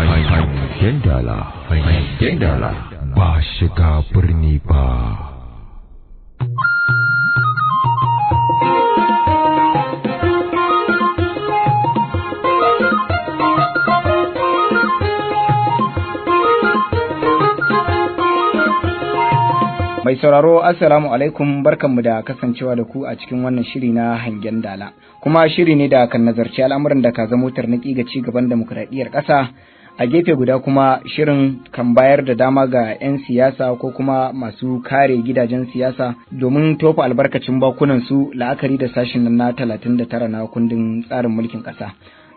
ba shiga birni ba Mai sauraro Assalamu alaikum barkanmu da kasancewa da ku a cikin wannan shiri na hangen dala. Kuma shiri ne da kan nazarci al'amuran da ka zamo tarnaki ga ci gaban demokuraɗiyyar ƙasa a gefe guda kuma shirin kan bayar da dama ga 'yan siyasa ko kuma masu kare gidajen siyasa domin tofa albarkacin bakunan su la'akari da sashen na 39 na kundin tsarin mulkin ƙasa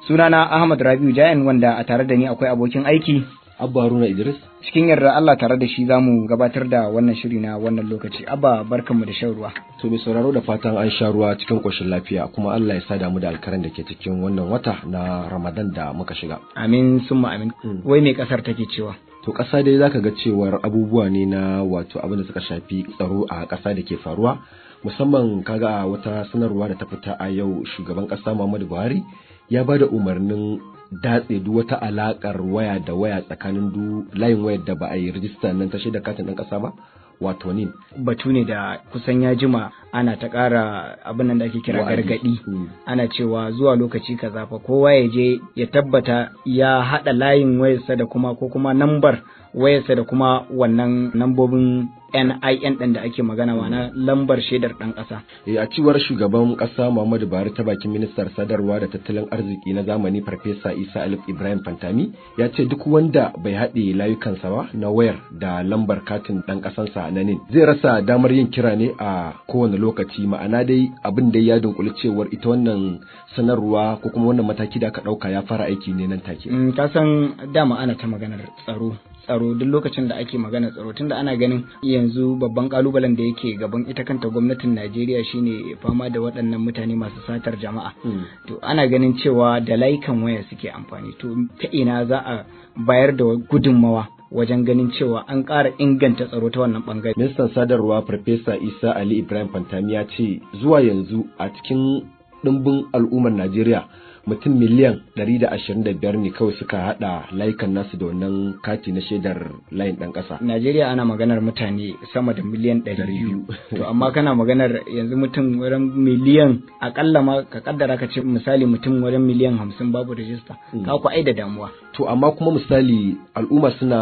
sunana ahmad rabiu jayan wanda a tare da ni akwai abokin aiki Abba Haruna Idris. Cikin yarda Allah tare da shi za mu gabatar da wannan shiri na wannan lokaci. Abba mu da shan ruwa. To mai sauraro da fatan an sha ruwa cikin ƙoshin lafiya kuma Allah ya sa damu da alkaran da ke cikin wannan wata na Ramadan da muka shiga. Amin summa amin. Hmm. Wai me kasar take cewa? to kasa dai zaka ga cewar abubuwa ne na wato abin da suka shafi tsaro a kasa da ke faruwa musamman kaga a wata sanarwa da ta fita a yau shugaban kasa Muhammadu Buhari ya ba da umarnin datse duk wata alakar waya da waya tsakanin duk layin wayar da ba a yi rijista nan ta shaida katin ɗan ƙasa ba wato nin batu ne da kusan ya jima ana ta ƙara abin nan da ake kira gargaɗi hmm. ana cewa zuwa lokaci kaza fa kowa ya je ya tabbata ya haɗa layin wayarsa da kuma ko kuma nambar wayarsa da kuma wannan nambobin NIN ɗin da ake magana wa na lambar shaidar ɗan ƙasa. Eh, a cewar shugaban ƙasa Muhammadu Buhari ta bakin ministar sadarwa da tattalin arziki na zamani Farfesa Isa Alif Ibrahim Fantami ya ce duk wanda bai haɗe layukansa ba na wayar da lambar katin ɗan ƙasansa na NIN zai rasa damar yin kira ne a kowane lokaci ma'ana dai abin da ya dunkuli cewar ita wannan sanarwa ko kuma wannan mataki da aka ɗauka ya fara aiki ne nan take. Mm, ka san dama ana ta maganar tsaro tsaro duk lokacin da ake magana tsaro tun da ana ganin yanzu babban kalubalen da yake gaban ita kanta gwamnatin Najeriya shine fama da waɗannan mutane masu satar jama'a hmm. to ana ganin cewa da layukan waya suke amfani to ta ina za a bayar da gudunmawa wajen ganin cewa an ƙara inganta tsaro ta wannan bangare. Ministan sadarwa Farfesa Isa Ali Ibrahim Fantami ya ce zuwa yanzu a cikin dimbin al'ummar Najeriya mutum miliyan 125 ne kawai suka hada layukan nasu da wannan kati na shaidar layin dan kasa Najeriya ana maganar mutane sama da miliyan 200 to amma kana maganar yanzu mutum wurin miliyan akalla ma ka kaddara ka ce misali mutum wurin miliyan 50 babu rajista hmm. ka ku ai da damuwa to amma kuma misali al'umma suna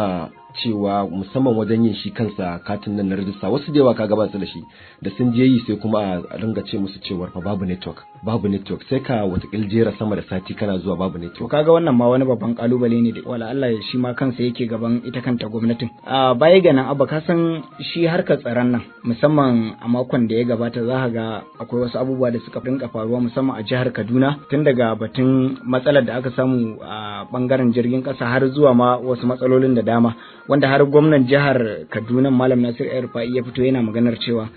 cewa musamman wajen yin shi kansa katin nan na rajista wasu da yawa kaga ba su da shi da sun je yi sai kuma a ringa ce musu cewar fa babu network babu network sai ka watakil jera sama da sati kana zuwa babu network kaga wannan ma wani babban kalubale ne da wala Allah shi ma kansa yake gaban ita kanta gwamnatin a baya ga nan abba ka san shi harkar tsaron nan musamman a makon da ya gabata za ka ga akwai wasu abubuwa da suka rinka faruwa musamman a jihar Kaduna tun daga batun matsalar da aka samu a bangaren jirgin kasa har zuwa ma wasu matsalolin da dama wanda har gwamnan jihar kaduna malam nasir rufa'i ya fito yana maganar cewa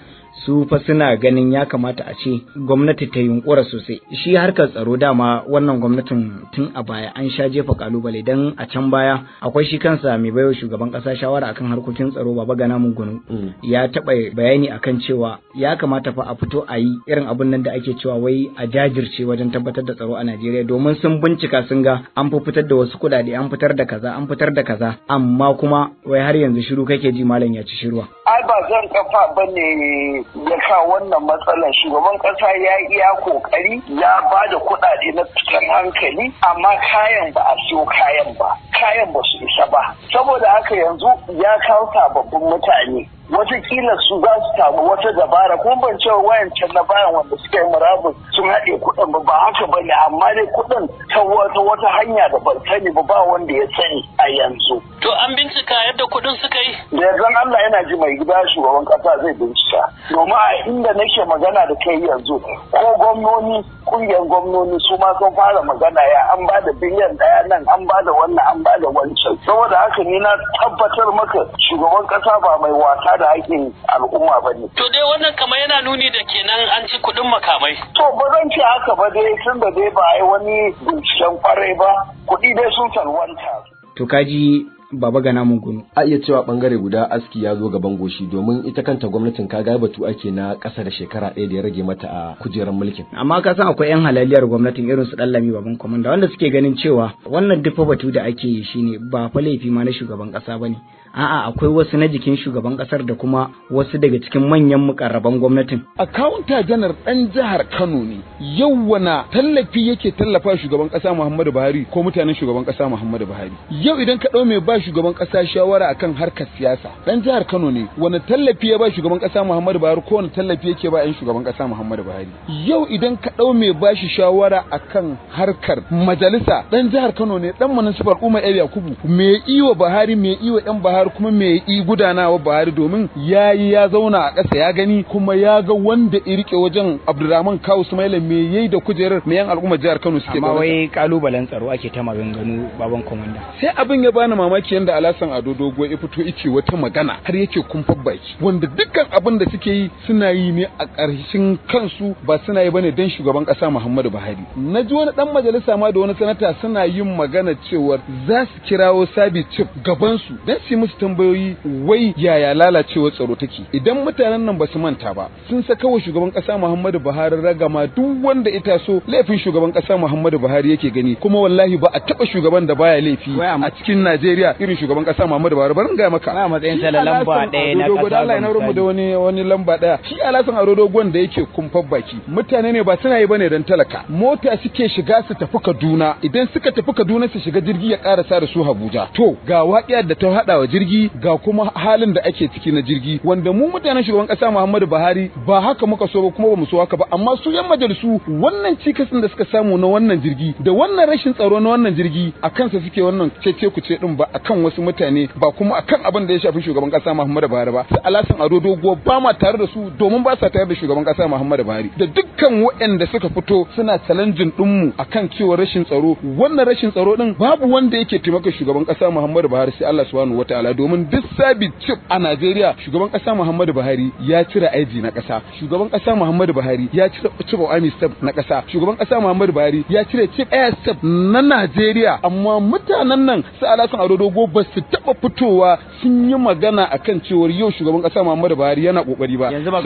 su fa suna ganin ya kamata a ce gwamnati ta yunkura sosai shi harkar tsaro dama wannan gwamnatin tun a baya an sha jefa kalubale dan a can baya akwai shi kansa mai baiwa shugaban kasa shawara akan harkokin tsaro baba gana mungunu mm. ya taba bayani akan cewa ya kamata fa a fito a yi irin abun nan da ake cewa wai a jajirce wajen tabbatar da tsaro a Najeriya domin sun bincika sun ga an fitar da wasu kuɗaɗe an fitar da kaza an fitar da kaza amma kuma kuma wai har yanzu shiru kake ji malam ya ci shiruwa. Ai ba zan kafa ba ne ya sa wannan matsalar shugaban ƙasa ya iya kokari ya ba da kuɗaɗe na fitan hankali amma kayan ba a siyo kayan ba kayan ba su isa ba saboda haka yanzu ya kawo sababbin mutane watakila su za su samu wata dabara ko ban cewa wayancan na bayan wanda suka yi murabus sun haɗe kuɗin ba ba haka ba ne amma dai kuɗin ta wata wata hanya da ban sani ba ba wanda ya sani a yanzu. To an bincika yadda kuɗin suka yi? Da yanzu Allah yana ji mai gida shugaban ƙasa zai bincika. Domin a inda nake magana da kai yanzu ko gwamnoni ƙungiyar gwamnoni su ma sun fara magana ya an ba da biliyan ɗaya nan an ba da wannan an ba da wancan. Saboda haka ni na tabbatar maka shugaban ƙasa ba mai wasa da haƙƙin al'umma ba ne. To dai wannan kamar yana nuni da kenan an ci kuɗin makamai. To ba zan ce haka ba dai tun da dai ba a wani binciken kwarai ba kuɗi dai sun talwanta. To kaji baba ga namun gunu. a iya cewa bangare guda aski ya zo gaban goshi domin ita kanta gwamnatin ka kaga batu ake na kasa da shekara ɗaya da ya rage mata a kujerar mulkin amma ka san akwai yan halaliyar gwamnatin irin su dallami baban komanda wanda suke ganin cewa wannan dufa batu da ake yi shine ba fa laifi ma na shugaban ƙasa bane a'a akwai wasu na jikin shugaban kasar da kuma wasu daga cikin manyan mukarraban gwamnatin akawunta janar dan jihar Kano ne yawwana tallafi yake tallafa shugaban kasa Muhammadu Buhari ko mutanen shugaban kasa Muhammadu Buhari yau idan ka ɗau mai ba shugaban kasa shawara akan harkar siyasa dan jihar Kano ne wani tallafi ya ba shugaban kasa Muhammadu Buhari ko wani tallafi yake ba yan shugaban kasa Muhammadu Buhari yau idan ka dau mai ba shi shawara akan harkar majalisa dan jihar Kano ne dan municipal Umar El Yakubu me iwa Buhari me iwa yan Buhari kuma me yi gudanawa Buhari domin yayi ya zauna a kasa ya gani kuma ya ga wanda ya rike wajen Abdulrahman Kawu Sumaila me yayi da kujerar me yan al'umma jihar Kano suke ba wai kalubalen tsaro ake ta maganganu baban komanda sai abin ya bani mamaki mamaki yanda alasan ado dogo ya fito ice wata magana har yake kumfar baki wanda dukkan abin da suke yi suna yi ne a ƙarshen kansu ba suna yi bane dan shugaban ƙasa Muhammadu Buhari na ji wani dan majalisa ma da wani sanata suna yin magana cewar za su kirawo sabi cif gaban su dan su musu tambayoyi wai yaya lalacewar tsaro take idan mutanen nan ba su manta ba sun saka wa shugaban ƙasa Muhammadu Buhari ragama duk wanda ita so laifin shugaban ƙasa Muhammadu Buhari yake gani kuma wallahi ba a taɓa shugaban da baya laifi a cikin Najeriya irin shugaban kasa Muhammadu Buhari barin ga maka N'a matsayin sa lamba ɗaya na kasa Allah ya mu da wani wani lamba ɗaya shi alasan aro dogon da yake kumfar baki mutane ne ba suna yi bane dan talaka mota suke shiga su tafi Kaduna idan suka tafi Kaduna su shiga jirgi ya karasa da su Abuja to ga waƙiyar da ta haɗa wa jirgi ga kuma halin da ake ciki na jirgi wanda mu mutanen shugaban kasa Muhammadu Buhari ba haka muka so ba kuma ba mu so haka ba amma su yan majalisu wannan cikasin da suka samu na wannan jirgi da wannan rashin tsaro na wannan jirgi a kansa suke wannan cece kuce din ba a akan wasu mutane ba kuma akan abin da ya shafi shugaban kasa Muhammadu Buhari ba su Alasan Ado Dogo ba ma tare da su domin ba sa tare da shugaban kasa Muhammadu Buhari da dukkan waɗanda suka fito suna challenging dinmu akan cewa rashin tsaro wannan rashin tsaro din babu wanda yake taimaka shugaban kasa Muhammadu Buhari sai Allah subhanahu wataala domin duk sabit chip a Najeriya shugaban kasa Muhammadu Buhari ya cire IG na kasa shugaban kasa Muhammadu Buhari ya cire chip army step na kasa shugaban kasa Muhammadu Buhari ya cire chip air step na Najeriya amma mutanen nan sai Allah agogo ba su taba fitowa sun yi magana a kan cewar yau shugaban kasa Muhammadu Buhari yana kokari ba yanzu ba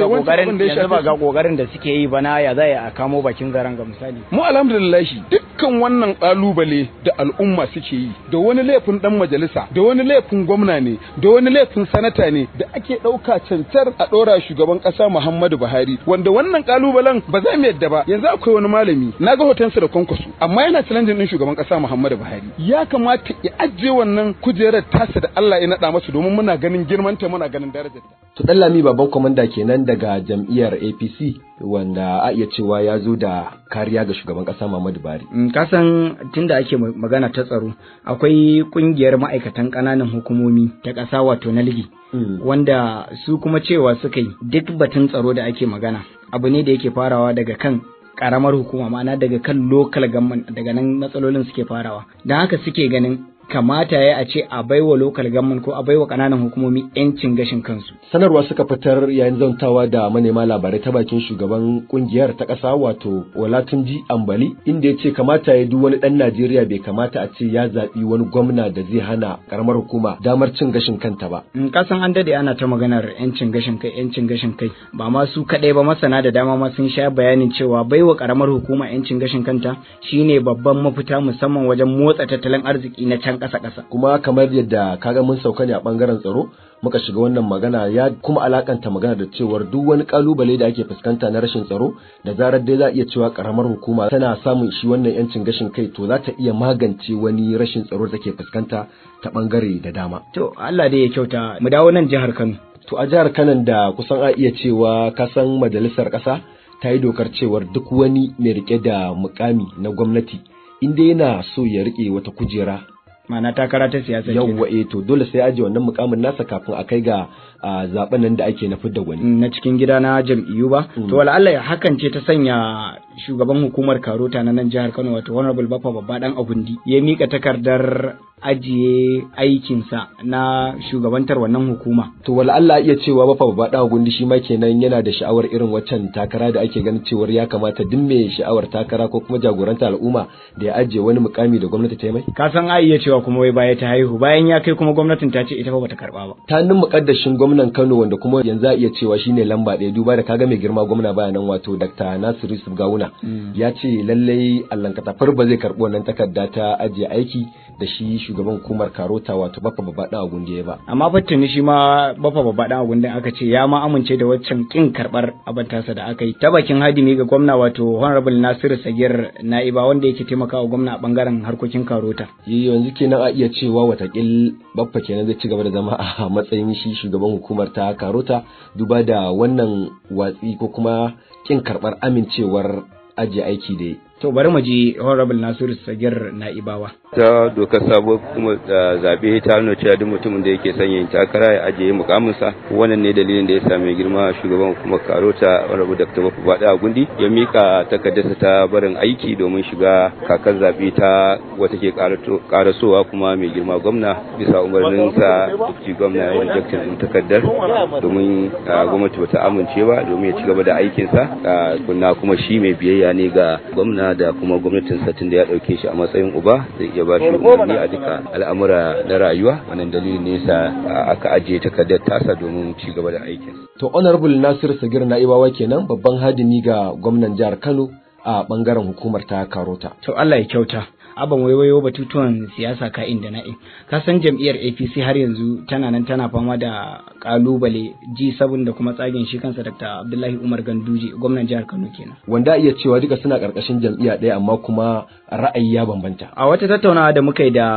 ga kokarin da suke yi bana ya zai a kamo bakin garan ga misali mu alhamdulillah dukkan wannan kalubale da al'umma suke yi da wani laifin dan majalisa da wani laifin gwamna ne da wani laifin sanata ne da ake ɗauka cancar a dora shugaban ƙasa Muhammadu Buhari wanda wannan kalubalen ba za mu yadda ba yanzu akwai wani malami na ga hotonsa da kwankwaso amma yana challenge din shugaban kasa Muhammadu Buhari ya kamata ya ajiye wannan kujerar tasa da Allah ya naɗa masu domin muna ganin girmanta muna ganin ta. To ɗan lami baban kwamanda kenan daga jam'iyyar APC wanda a iya cewa ya zo da kariya ga shugaban ƙasa Muhammadu Buhari. tun mm, tunda ake magana ta tsaro akwai ƙungiyar ma'aikatan ƙananan hukumomi ta ƙasa wato na ligi. Mm. Wanda su kuma cewa suka yi duk batun tsaro da ake magana abu ne da yake farawa daga kan karamar hukuma ma'ana daga kan local government daga nan matsalolin suke farawa da haka suke ganin kamata ya a ce a baiwa local government ko a baiwa kananan hukumomi yancin gashin kansu sanarwa suka fitar yayin zantawa da manema labarai ta bakin shugaban kungiyar ta kasa wato Olatunji Ambali inda ya ce kamata ya duk wani dan Najeriya bai kamata a ce ya zaɓi wani gwamna da zai hana karamar hukuma damar cin gashin kanta ba in mm, kasan an dade ana ta maganar yancin gashin kai yancin gashin kai ba ma su kadai ba masana da dama ma sun sha bayanin cewa baiwa karamar hukuma yancin gashin kanta shine babban mafita musamman wajen motsa tattalin arziki na can ƙasa kuma kamar yadda kaga mun sauka ne a ɓangaren tsaro muka shiga wannan magana ya kuma alakanta magana da cewar duk wani kalubale da ake fuskanta na rashin tsaro da zarar dai za iya cewa karamar hukuma tana samun shi wannan yancin gashin kai to za ta iya magance wani rashin tsaro da take fuskanta ta bangare da dama to Allah dai ya kyauta mu dawo nan jihar Kano to a jihar Kano da kusan a iya cewa kasan majalisar ƙasa ta yi dokar cewar duk wani mai rike da mukami na gwamnati inda yana so ya rike wata kujera mana takara ta siyasa yawwa eh to dole sai aje wannan mukamin nasa kafin a kai ga zaben nan da ake na fidda gwani na cikin gida na jam'iyyu ba mm. to wala Allah ya hakan ce ta sanya shugaban hukumar karota na nan jihar Kano wato Honorable Bafa Babba dan Agundi ya mika takardar ajiye aikinsa na shugabantar wannan hukuma. To wala Allah iya cewa bafa Babba dan Agundi shi ma kenan yana da sha'awar irin waccan takara da ake ganin cewar ya kamata duk mai sha'awar takara ko kuma jagoranta al'umma da ya ajiye wani mukami da gwamnati ta yi mai. Ka san ai iya cewa kuma wai baya ta haihu bayan ya kai kuma gwamnatin ta ce ita fa bata karba ba. Ta nan mukaddashin gwamnan Kano wanda kuma yanzu a iya cewa shine lamba ɗaya duba da kaga mai girma gwamna baya nan wato Dr. Nasiru Gawuna Mm. ya ce lallai allan katafar ba zai karbo wannan takarda ta ajiye aiki da shi shugaban hukumar karota wato bafa babba a gundi ba amma fattini shi ma bafa babba a gundi aka ce ya ma amince da waccan kin karɓar abantarsa da aka yi ta bakin hadimi ga gwamna wato honorable nasiru sagir na'iba wanda yake taimakawa gwamna a bangaren harkokin karota yanzu kenan a iya cewa watakil baffa kenan zai ci gaba da zama a matsayin shi shugaban hukumar ta karota duba da wannan watsi ko kuma kin karɓar amincewar ajiye aiki da yi to bari mu ji honorable nasiru sagir na'ibawa ta dokar sabo kuma zabe ta nuna cewa duk mutumin da yake sanya yin takara ya ajiye mukaminsa wannan ne dalilin da ya sa mai girma shugaban kuma karota rabu da ta bafu a gundi ya mika takardarsa ta barin aiki domin shiga kakar zabe ta wata ke karasowa kuma mai girma gwamna bisa umarninsa dukki gwamna ya rejectin din takardar domin gwamnati bata amince ba domin ya ci gaba da aikinsa kunna kuma shi mai biyayya ne ga gwamna da kuma gwamnatinsa da ya ɗauke shi a matsayin uba ya ba shi umarni a duka al'amura na rayuwa wannan dalilin ne yasa aka ajiye takardar tasa domin ci gaba da aikin to honorable Nasir Sagir Naibawa kenan babban hadini ga gwamnan jihar Kano a bangaren hukumar ta Karota to Allah ya kyauta aban waiwayo batutuwan siyasa ka'in da na'in ka san jam'iyyar apc har yanzu tana nan tana fama da kalubale ji sabon da kuma tsagen shi kansa dr abdullahi umar ganduje gwamnan jihar kano kenan wanda iya cewa duka suna karkashin jam'iyya ɗaya amma kuma ra'ayi ya bambanta a wata tattaunawa da muka yi da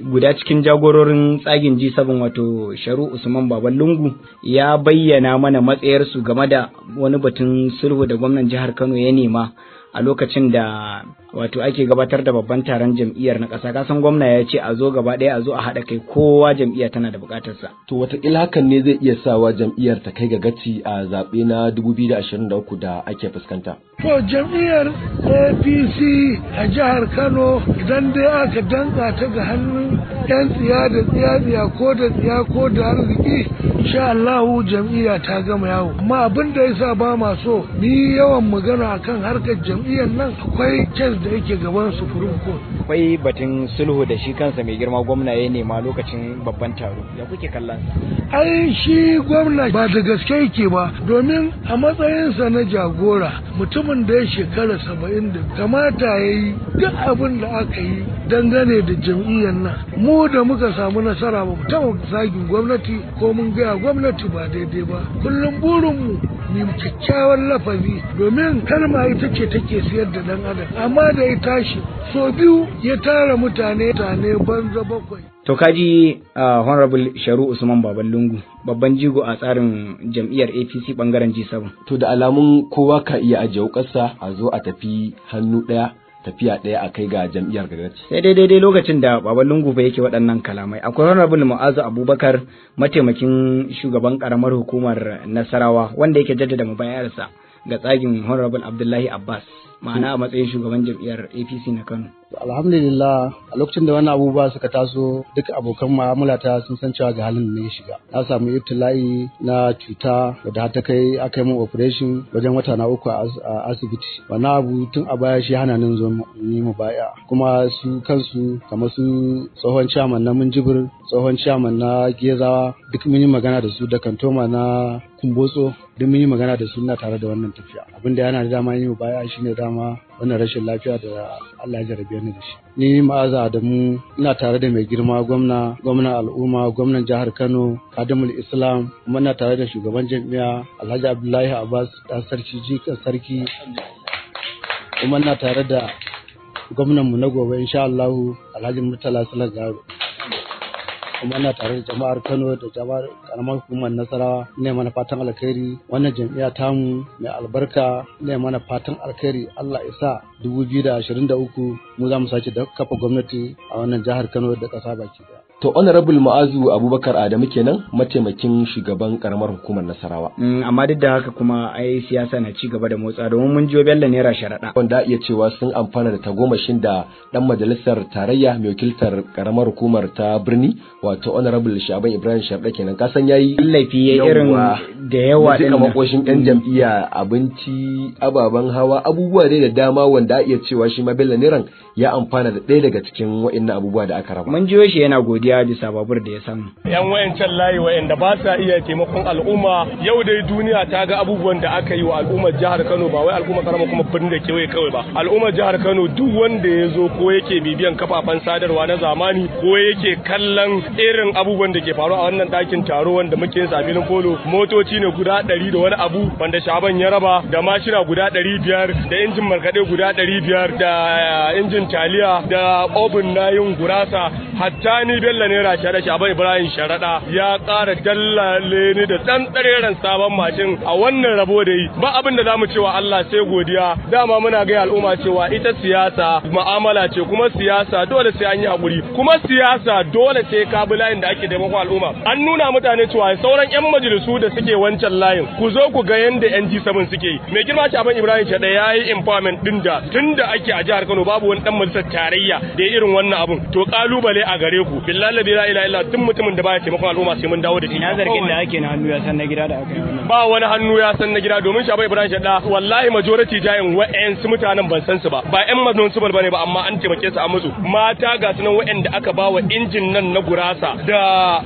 guda cikin jagororin tsagen G7 wato sharu usman baban lungu ya bayyana mana matsayarsu game da wani batun sulhu da gwamnan jihar kano ya nema a lokacin da wato ake gabatar da babban taron jam'iyyar na ƙasa kasan gwamna ya ce a zo gaba ɗaya a zo a haɗa kai kowa jam'iyya tana da buƙatarsa. To wataƙila hakan ne zai iya sawa jam'iyyar ta kai ga gaci a zaɓe na 2023 da ake fuskanta. To jam'iyyar APC a jihar Kano idan dai aka danka ta ga hannun 'yan tsiya da tsiya-tsiya ko da tsiya ko da arziki insha Allahu jam'iyya ta gama yawo. Amma abin da ya sa ba ma so ni yawan magana akan harkar jam'iyyar jam'iyyar nan akwai kes da yake gaban supreme court akwai batun sulhu da shi kansa mai girma gwamna ya nema lokacin babban taro ya kuke kallon sa ai shi gwamna ba da gaske yake ba domin a matsayinsa na jagora mutumin da ya shekara saba'in da kamata ya yi duk abin da aka yi dangane da jam'iyyar nan mu da muka samu nasara ba mu taɓa zagin gwamnati ko mun gaya gwamnati ba daidai ba kullum burinmu mu kyakkyawan lafazi domin kalma ita ce take siyar da dan adam amma da ya tashi so biyu ya tara mutane tane banza bakwai to kaji uh, honorable sharu usman baban lungu babban jigo a tsarin jam'iyyar apc bangaren g7 to da alamun kowa ka iya ajiye kasa a zo a tafi hannu ɗaya tafiya ɗaya a kai ga jam'iyyar gargaci. Sai dai daidai lokacin da Baba Lungu fa yake waɗannan kalamai. Akwai Honorable Mu'azu Abubakar mataimakin shugaban ƙaramar hukumar Nasarawa wanda yake jaddada mubayarsa ga tsagin Honorable Abdullahi Abbas ma'ana a matsayin shugaban jam'iyyar APC na Kano. alhamdulillah a lokacin da wannan abubuwa suka taso duk abokan mu'amala ta sun san cewa ga halin da nake shiga na samu ibtila'i na cuta da ta kai aka yi min operation wajen wata na uku a asibiti wannan abu tun a baya shi hana nan zo ni mu baya kuma su kansu kamar su tsohon chairman na munjibir tsohon chairman na gezawa duk mun yi magana da su da kantoma na kumbotso duk mun yi magana da su na tare da wannan tafiya abin da yana da dama yi mu baya shine dama wannan rashin lafiya da Allah ya jarabe ni da shi. Ni ma'aza da mu ina tare da mai girma gwamna, gwamnan al'umma, gwamnan jihar Kano, Kadimul Islam, kuma ina tare da shugaban jami'a Alhaji Abdullahi Abbas, da sarki jikan sarki. Kuma ina tare da gwamnanmu na gobe insha Allah Alhaji Murtala Salar kuma na tare da jama'ar Kano da jama'ar karamar hukumar Nasarawa ne mana fatan alkhairi wannan jam'iyya tamu mai albarka ne mana fatan alkhairi Allah isa 2023 mu za mu sake kafa gwamnati a wannan jihar Kano da ƙasa baki daya To honorable Ma'azu Abubakar Adamu kenan mataimakin shugaban karamar hukumar Nasarawa. Mm, amma duk da haka kuma ai siyasa na ci gaba da motsa domin mun jiyo Bello naira sharaɗa. Wanda iya cewa sun amfana da tagomashin da dan majalisar tarayya mai wakiltar karamar hukumar ta birni wato honorable Shaban Ibrahim Sharaɗa kenan ka san yayi laifi ya irin da yawa din makoshin ɗan mm. jam'iyya abinci ababen hawa abubuwa dai da dama wanda iya cewa shi ma Bello Neran ya amfana da ɗaya daga cikin waɗannan abubuwa da aka raba. Mun jiyo shi yana godiya godiya bisa babur da ya samu yan wayancan layi wayanda ba sa iya taimakon al'umma yau dai duniya ta ga abubuwan da aka yi wa al'ummar jihar Kano ba wai al'umma karama kuma birnin da kewaye kawai ba al'ummar jihar Kano duk wanda ya zo ko yake bibiyan kafafen sadarwa na zamani ko yake kallon irin abubuwan da ke faru a wannan ɗakin taro wanda muke yin sabilin polo motoci ne guda ɗari da wani abu wanda shaban ya raba da mashina guda ɗari biyar da injin markaɗe guda ɗari biyar da eh, injin taliya da obin nayin gurasa hatta ni bello dalla naira shi abu ibrahim sharaɗa ya kara dalla leni da ɗan ɗareren sabon mashin a wannan rabo da yi ba abin da zamu cewa allah sai godiya dama muna ga al'umma cewa ita siyasa mu'amala ce kuma siyasa dole sai an yi haƙuri kuma siyasa dole sai ka bi layin da ake da taimakon al'umma an nuna mutane cewa sauran 'yan majalisu da suke wancan layin ku zo ku ga yanda 'yan ji sabon suke yi mai girma abin ibrahim shaɗa ya yi empowerment ɗin da tun ake a jihar kano babu wani dan majalisar tarayya da irin wannan abun to ƙalubale a gare ku lallabi la ilaha illa duk mutumin da baya taimakon al'umma sai mun dawo da shi ina zargin da ake na hannu ya san na gida da aka yi ba wani hannu ya san na gida domin shabai ibrahim shadda wallahi majority jayin wa'en su mutanen ban san su ba ba ƴan maznon su bane ba amma an taimake su a musu mata ga su nan wa'en da aka ba wa injin nan na gurasa da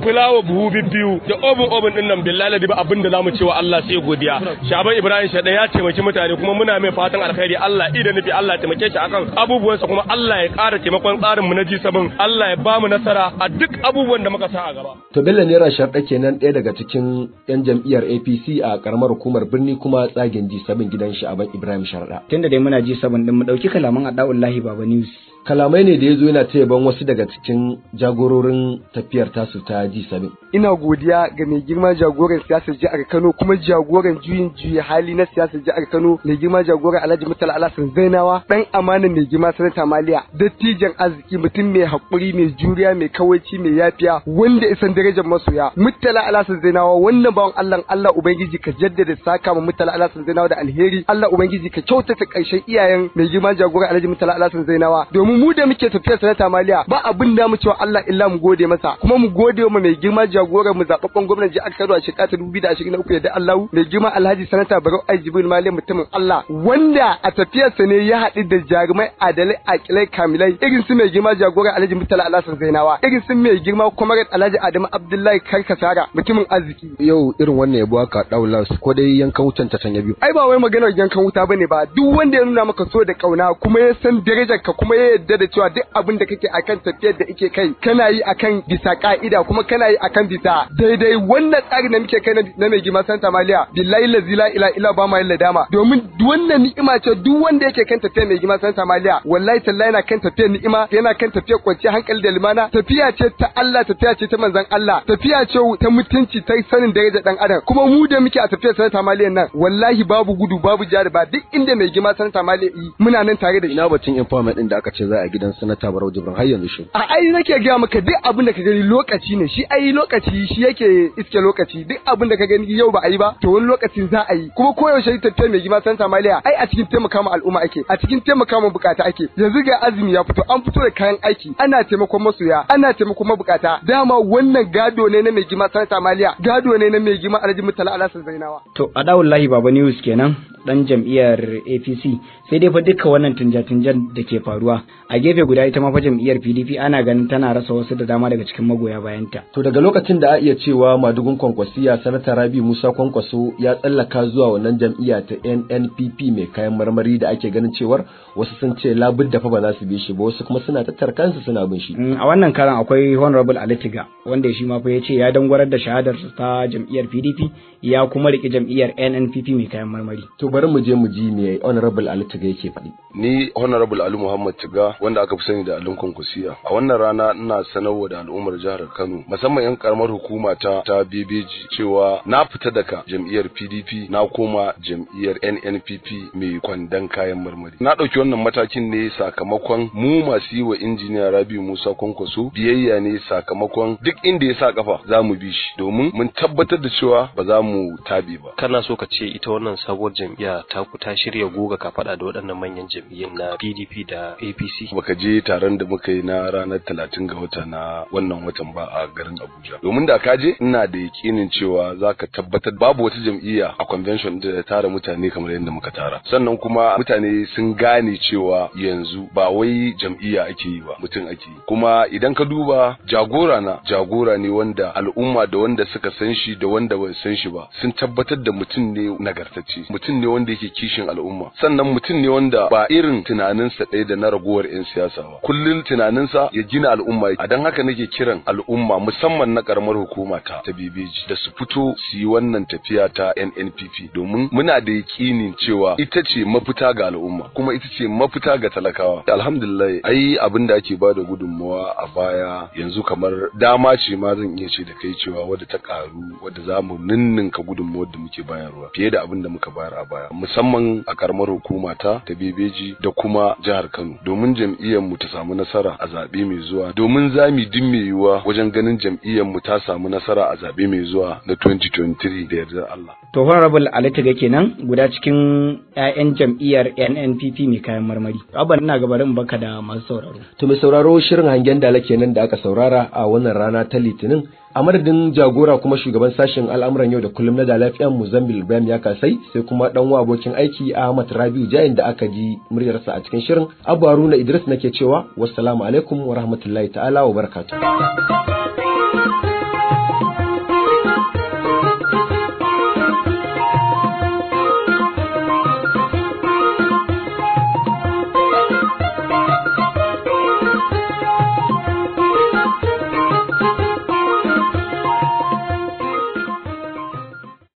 fulawa buhu bibbiyu da obin obin din nan billahi ba abin da zamu cewa Allah sai godiya shabai ibrahim shadda ya taimaki mutane kuma muna mai fatan alkhairi Allah idan nufi Allah taimake shi akan abubuwansa kuma Allah ya ƙara taimakon tsarin mu na ji sabon Allah ya ba mu nasara a duk abubuwan da muka sa a gaba. To Bello Naira Sharɗa kenan ɗaya daga cikin 'yan jam'iyyar APC a ƙaramar hukumar birni kuma tsagen ji sabin gidan sha'aban Ibrahim Sharɗa. Tunda dai muna ji sabon ɗin mu ɗauki kalaman Adaullahi Baba News. kalamai ne da ya zo yana ta yaban wasu daga cikin jagororin tafiyar tasu ta ji sabin. Ina godiya ga mai girma jagoran siyasar jihar Kano kuma jagoran juyin juyi hali na siyasar jihar Kano mai girma jagoran Alhaji Murtala Alhassan Zainawa dan amana mai girma sanata Maliya dattijan arziki mutum mai hakuri mai juriya mai kawaici mai yafiya wanda isan darajar masoya Murtala Alhassan Zainawa wannan bawan Allah Allah ubangiji ka jaddada saka ma Murtala Alhassan Zainawa da alheri Allah ubangiji ka kyautata karshen iyayen mai girma jagoran Alhaji Murtala Alhassan Zainawa domin mu da muke tafiya sanata maliya ba abin da mu cewa Allah illa mu gode masa kuma mu gode wa mai girma jagoran mu zababban gwamnati jihar Kano a shekara ta 2023 yadda Allah mai girma Alhaji sanata Barau Ajibin Maliya mutumin Allah wanda a sa ne ya haɗu da jarumai adalai akilai kamilai irin su mai girma jagoran Alhaji Murtala Alhassan Zainawa irin su mai girma kwamarat Alhaji Adamu Abdullahi Karkasara mutumin arziki yau irin wannan yabo aka daula ko dai yankan wutan ta tanya biyu ai ba wai maganar yankan wuta bane ba duk wanda ya nuna maka so da kauna kuma ya san darajar ka kuma ya yadda da cewa duk abin da kake akan tafiyar da ike kai kana yi akan bisa ka'ida kuma kana yi akan bisa daidai wannan tsari da muke kai na mai gima santa maliya billahi la zila ila ila ba ma yalla ladama domin wannan ni'ima ce duk wanda yake kan tafiyar mai gima santa maliya wallahi tallahi yana kan tafiyar ni'ima yana kan tafiyar kwanciyar hankali da limana tafiya ce ta Allah tafiya ce ta manzon Allah tafiya ce ta mutunci ta sanin daraja dan adam kuma mu da muke a tafiyar santa maliyan nan wallahi babu gudu babu jari ba duk inda mai gima santa maliya muna nan tare da ina batun informant din da aka ce za a gidan sanata barau jibrin har yanzu shi a ai nake gaya maka duk abin da ka gani lokaci ne shi ai lokaci shi yake iske lokaci duk abin da ka gani yau ba a yi ba to wani lokaci za a yi kuma koyaushe ta mai gima santa maliya ai a cikin taimaka ma al'umma ake a cikin taimaka ma bukata ake yanzu ga azumi ya fito an fito da kayan aiki ana taimakon masoya ana taimakon mabukata dama wannan gado ne na mai gima santa maliya gado ne na mai gima alhaji mutala zainawa to a dawullahi baba news kenan dan jam'iyyar APC sai dai fa duka wannan tunja-tunjan da ke faruwa a gefe guda ita ma fa jam'iyyar PDP ana ganin tana rasa wasu da dama daga cikin magoya bayanta to daga lokacin da a iya cewa madugun kwankwasiya sanata Rabi Musa Kwankwaso ya tsallaka zuwa wannan jam'iyya ta NNPP mai kayan marmari da ake ganin cewar wasu sun ce da fa ba za su bi shi ba wasu kuma suna tattar kansu suna bin shi mm, a wannan karan akwai honorable alitiga wanda shi ma fa ya ce ya dangwarar da shahadar ta jam'iyyar pdp ya kuma riƙe jam'iyyar nnpp mai kayan marmari to bari mu je mu ji me honorable alitiga yake faɗi ni honorable ali muhammad tiga wanda aka fi sani da alin kunkusiya a wannan rana ina sanarwa da al'ummar jihar kano musamman yan karamar hukuma ta ta bebeji cewa na fita daga jam'iyyar pdp na koma jam'iyyar nnpp mai kwandon kayan marmari na ɗauki wannan matakin ne sakamakon mu masu yi wa injiniya Rabi Musa Kwankwaso biyayya ne sakamakon duk inda ya sa kafa za mu bi shi domin mun tabbatar da cewa ba za mu tabi ba. Kana so ka ce ita wannan sabuwar jam'iyya ta ku ta shirya goga ka fada da waɗannan manyan jam'iyyun na PDP da APC. Baka je taron da muka yi na ranar talatin ga wata na wannan watan ba a garin Abuja. Domin da ka je ina da yakinin cewa za ka tabbatar babu wata jam'iyya a convention da tara mutane kamar yadda muka tara. Sannan kuma mutane sun gane cewa yanzu ba wai jam'iyya ake yi ba mutum ake yi kuma idan ka duba jagora na jagora ne wanda al'umma da wanda suka san shi da wanda ba san shi ba sun tabbatar da mutum ne nagartacce mutum ne wanda yake kishin al'umma sannan mutum ne wanda ba irin tunaninsa ɗaya da na ragowar 'yan siyasa ba kullum tunaninsa ya gina al'umma a don haka nake kiran al'umma musamman na karamar hukuma ta ta bibiji da su fito su yi wannan tafiya ta NNPP domin muna da yakinin cewa ita ce mafita ga al'umma kuma ita ce mafita ga talakawa alhamdulillah ai abin da ake ba da gudunmawa a baya yanzu kamar dama ce ma zan iya ce da kai cewa wadda ta karu wadda za mu ninninka gudunmawar da muke bayarwa fiye da abin da muka bayar a baya musamman a karamar hukuma ta ta bebeji da kuma jihar kano domin jam'iyyar mu ta samu nasara a zaɓe mai zuwa domin za mu din mai yiwuwa wajen ganin jam'iyyar mu ta samu nasara a zaɓe mai zuwa na 2023 da yardar Allah. To Honorable Ali ga kenan guda cikin 'ya'yan jam'iyyar NNPP mai kayan marmari abba ina baka da masu sauraro to mai sauraro shirin hangen dala kenan da aka saurara a wannan rana ta litinin a madadin jagora kuma shugaban sashen al'amuran yau da kullum na da lafiyan muzambil ibrahim ya kasai sai kuma dan wa abokin aiki ahmad rabiu jayin da aka ji muryarsa a cikin shirin abu haruna idris nake cewa wassalamu alaikum wa rahmatullahi ta'ala wa barakatuh